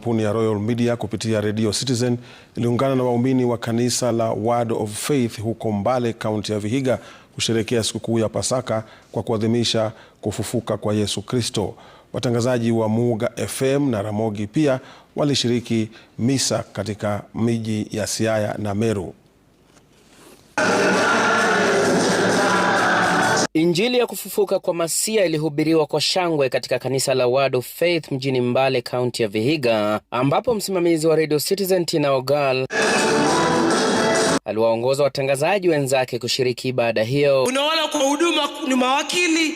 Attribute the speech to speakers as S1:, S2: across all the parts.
S1: Kampuni ya Royal Media kupitia Radio Citizen iliungana na waumini wa kanisa la Word of Faith huko Mbale, kaunti ya Vihiga kusherekea sikukuu ya Pasaka kwa kuadhimisha kufufuka kwa Yesu Kristo. Watangazaji wa Muuga FM na Ramogi pia walishiriki misa katika miji ya Siaya na Meru.
S2: Injili ya kufufuka kwa Masia ilihubiriwa kwa shangwe katika kanisa la Word of Faith mjini Mbale, kaunti ya Vihiga, ambapo msimamizi wa Radio Citizen Tina Ogal aliwaongoza watangazaji wenzake kushiriki ibada hiyo.
S3: Kuna wale kwa huduma ni mawakili,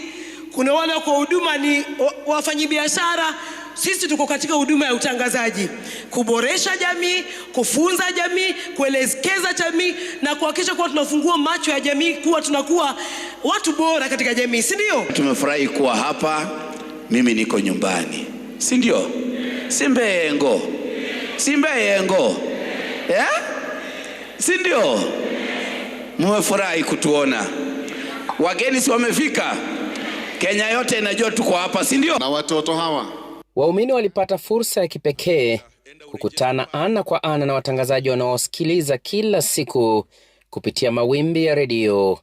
S3: kuna wale kwa huduma ni wafanyibiashara Sisi tuko katika huduma ya utangazaji, kuboresha jamii, kufunza jamii, kuelekeza jamii na kuhakikisha kuwa tunafungua macho ya jamii kuwa tunakuwa watu bora katika jamii, si ndio?
S4: Tumefurahi kuwa hapa, mimi niko nyumbani, si ndio? Simbeyengo, Simbeyengo, yeah? si ndio? Mmefurahi kutuona, wageni si wamefika. Kenya yote inajua tuko hapa, si ndio? Na
S5: watoto hawa
S2: waumini walipata fursa ya kipekee kukutana ana kwa ana na watangazaji wanaosikiliza kila siku kupitia mawimbi ya redio.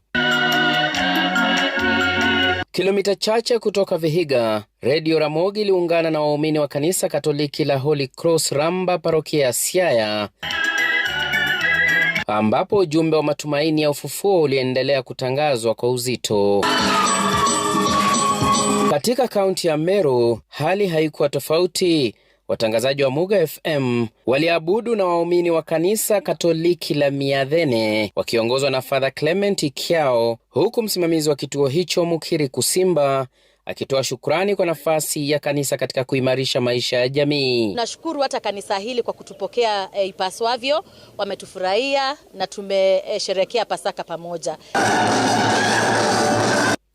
S2: Kilomita chache kutoka Vihiga, redio Ramogi iliungana na waumini wa kanisa Katoliki la Holy Cross Ramba, parokia ya Siaya, ambapo ujumbe wa matumaini ya ufufuo uliendelea kutangazwa kwa uzito. Katika kaunti ya Meru hali haikuwa tofauti watangazaji wa Muga FM waliabudu na waumini wa kanisa Katoliki la Miadhene wakiongozwa na Fadha Clement kiao huku msimamizi wa kituo hicho Mukiri Kusimba akitoa shukrani kwa nafasi ya kanisa katika kuimarisha maisha ya jamii.
S6: nashukuru hata kanisa hili kwa kutupokea e, ipaswavyo. Wametufurahia na tumesherekea Pasaka pamoja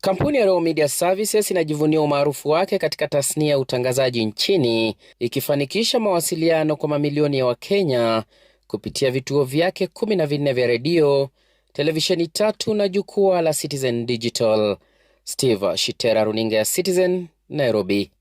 S2: Kampuni ya Royal Media Services inajivunia umaarufu wake katika tasnia ya utangazaji nchini, ikifanikisha mawasiliano kwa mamilioni ya Wakenya kupitia vituo vyake kumi na vinne vya redio, televisheni tatu na jukwaa la Citizen Digital. Steve Shitera, runinga ya Citizen, Nairobi.